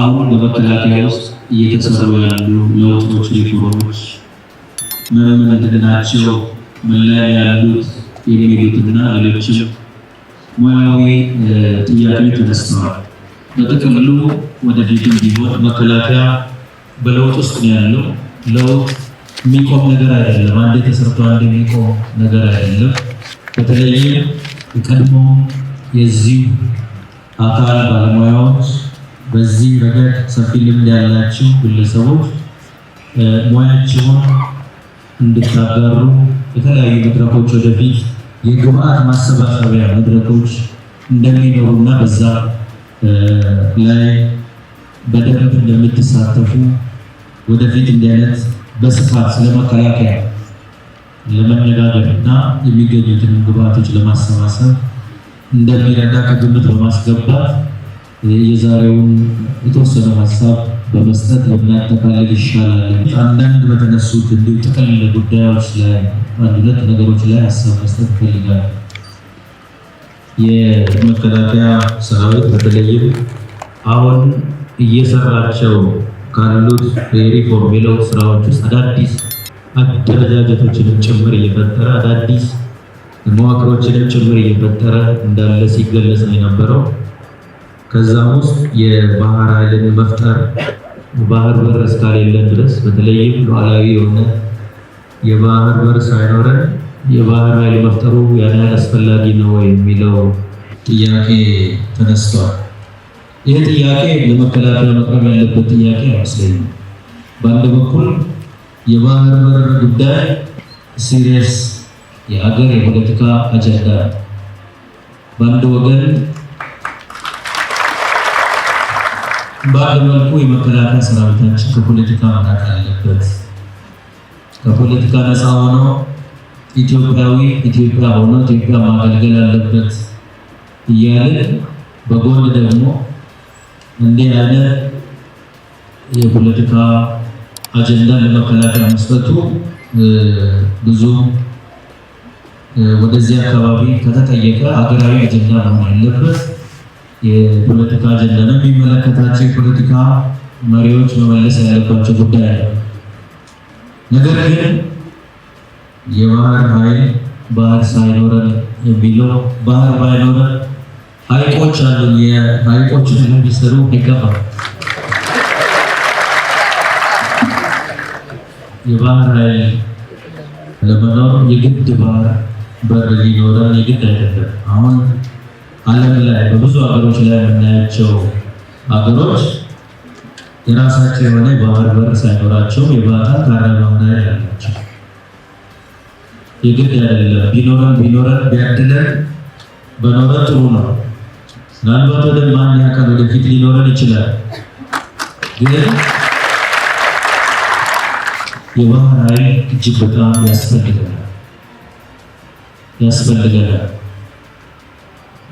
አሁን በመከላከያ ውስጥ እየተሰሩ ያሉ ለውጦች ሪፎርሞች ምን ምንድናቸው? ምን ላይ ያሉት የሚሉትና ሌሎችም ሙያዊ ጥያቄዎች ተነስተዋል። በጥቅሉ ወደፊትም ቢሆን መከላከያ በለውጥ ውስጥ ነው ያለው። ለውጥ የሚቆም ነገር አይደለም። አንድ ተሰርቶ አንድ የሚቆም ነገር አይደለም። በተለይም የቀድሞ የዚሁ አካል ባለሙያዎች በዚህ ረገድ ሰፊ ልምድ ያላችሁ ግለሰቦች ሙያችሁን እንድታጋሩ የተለያዩ መድረኮች ወደፊት የግብአት ማሰባሰቢያ መድረኮች እንደሚኖሩና በዛ ላይ በደንብ እንደምትሳተፉ ወደፊት እንዲህ አይነት በስፋት ስለመከላከያ ለመነጋገር እና የሚገኙትን ግብአቶች ለማሰባሰብ እንደሚረዳ ከግምት በማስገባት የዛሬውን የተወሰነ ሀሳብ በመስጠት ብናጠቃልል ይሻላል። አንዳንድ በተነሱት እንዲሁ ጥቅል ጉዳዮች ላይ አንድ ሁለት ነገሮች ላይ ሀሳብ መስጠት ይፈልጋል። የመከላከያ ሰራዊት በተለይም አሁን እየሰራቸው ካሉት የሪፎርም የለው ስራዎች ውስጥ አዳዲስ አደረጃጀቶችንም ጭምር እየፈጠረ አዳዲስ መዋቅሮችንም ጭምር እየፈጠረ እንዳለ ሲገለጽ ነው የነበረው። ከዛም ውስጥ የባህር ኃይልን መፍጠር ባህር በር እስካሌለን ድረስ በተለይም ሉዓላዊ የሆነ የባህር በር ሳይኖረን የባህር ኃይል መፍጠሩ ያን ያህል አስፈላጊ ነው የሚለው ጥያቄ ተነስቷል። ይህ ጥያቄ ለመከላከያ መቅረብ ያለበት ጥያቄ አይመስለኝም። በአንድ በኩል የባህር በር ጉዳይ ሲሪየስ የሀገር የፖለቲካ አጀንዳ በአንድ ወገን በአንድ መልኩ የመከላከያ ሰራዊታችን ከፖለቲካ መራቅ አለበት። ከፖለቲካ ነፃ ሆኖ ኢትዮጵያዊ ኢትዮጵያ ሆኖ ኢትዮጵያ ማገልገል አለበት እያለን በጎን ደግሞ እንዲህ አይነት የፖለቲካ አጀንዳ ለመከላከያ መስጠቱ ብዙ ወደዚህ አካባቢ ከተጠየቀ ሀገራዊ አጀንዳ መሆን አለበት። የፖለቲካ አጀንዳን የሚመለከታቸው የፖለቲካ መሪዎች መመለስ ያለባቸው ጉዳይ ነው። ነገር ግን የባህር ኃይል ባህር ሳይኖረን የሚለው ባህር ባይኖረን ሀይቆች አሉ። የሀይቆችን የሚሰሩ ይገባል። የባህር ኃይል ለመኖር የግድ ባህር በር ሊኖረን የግድ አይደለም አሁን ዓለም ላይ በብዙ ሀገሮች ላይ የምናያቸው ሀገሮች የራሳቸው የሆነ ባህር በር ሳይኖራቸው የባታ ካረማና ያላቸው የግድ አይደለም። ቢኖረን ቢኖረን ቢያድለን በኖረ ጥሩ ነው። ምናልባት ወደ ማን ያካል ወደፊት ሊኖረን ይችላል። ግን የባህር ኃይል እጅግ በጣም ያስፈልገናል ያስፈልገናል።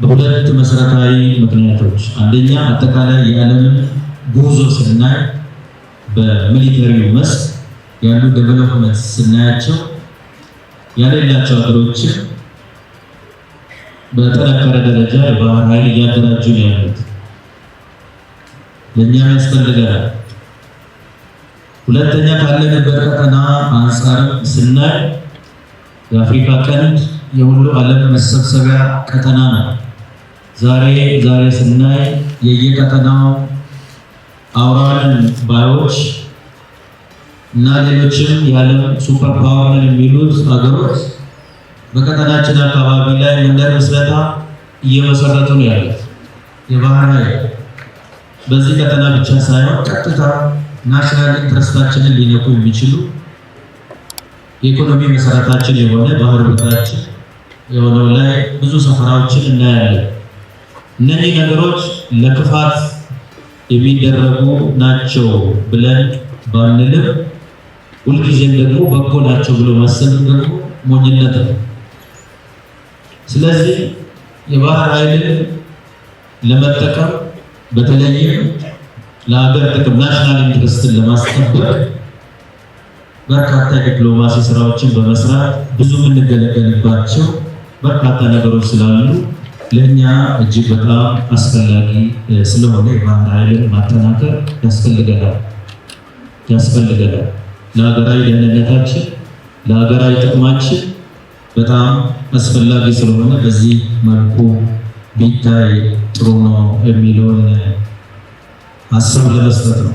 በሁለት መሰረታዊ ምክንያቶች፣ አንደኛ አጠቃላይ የዓለምን ጉዞ ስናይ በሚሊተሪው መስክ ያሉ ዴቨሎፕመንት ስናያቸው ያሌላቸው ሀገሮችን በጠነከረ ደረጃ የባህር ኃይል እያደራጁ ነው ያሉት። ለእኛም ያስፈልጋል። ሁለተኛ ካለንበት ቀጠና አንጻርም ስናይ የአፍሪካ ቀንድ የሁሉ ዓለም መሰብሰቢያ ቀጠና ነው። ዛሬ ዛሬ ስናይ የየቀጠናው አውራን ባዮች እና ሌሎችም የዓለም ሱፐር ፓወር የሚሉት ሀገሮች በቀጠናችን አካባቢ ላይ መንደር ምስረታ እየመሰረቱ ነው ያሉት። የባህር ኃይል በዚህ ቀጠና ብቻ ሳይሆን ቀጥታ ናሽናል ኢንትረስታችንን ሊነቁ የሚችሉ የኢኮኖሚ መሰረታችን የሆነ ባህር ቦታችን የሆነው ላይ ብዙ ሰፈራዎችን እናያለን። እነዚህ ነገሮች ለክፋት የሚደረጉ ናቸው ብለን ባንልም ሁልጊዜም ደግሞ በጎ ናቸው ብሎ ማሰብ ደግሞ ሞኝነት ነው። ስለዚህ የባህር ኃይልን ለመጠቀም በተለይም ለሀገር ጥቅም ናሽናል ኢንትረስትን ለማስጠበቅ በርካታ ዲፕሎማሲ ስራዎችን በመስራት ብዙ የምንገለገልባቸው በርካታ ነገሮች ስላሉ ለእኛ እጅግ በጣም አስፈላጊ ስለሆነ የባህር ኃይልን ማጠናከር ያስፈልገናል ያስፈልገናል ለሀገራዊ ደህንነታችን ለሀገራዊ ጥቅማችን በጣም አስፈላጊ ስለሆነ በዚህ መልኩ ቢታይ ጥሩ ነው የሚለውን ሀሳብ ለመስጠት ነው።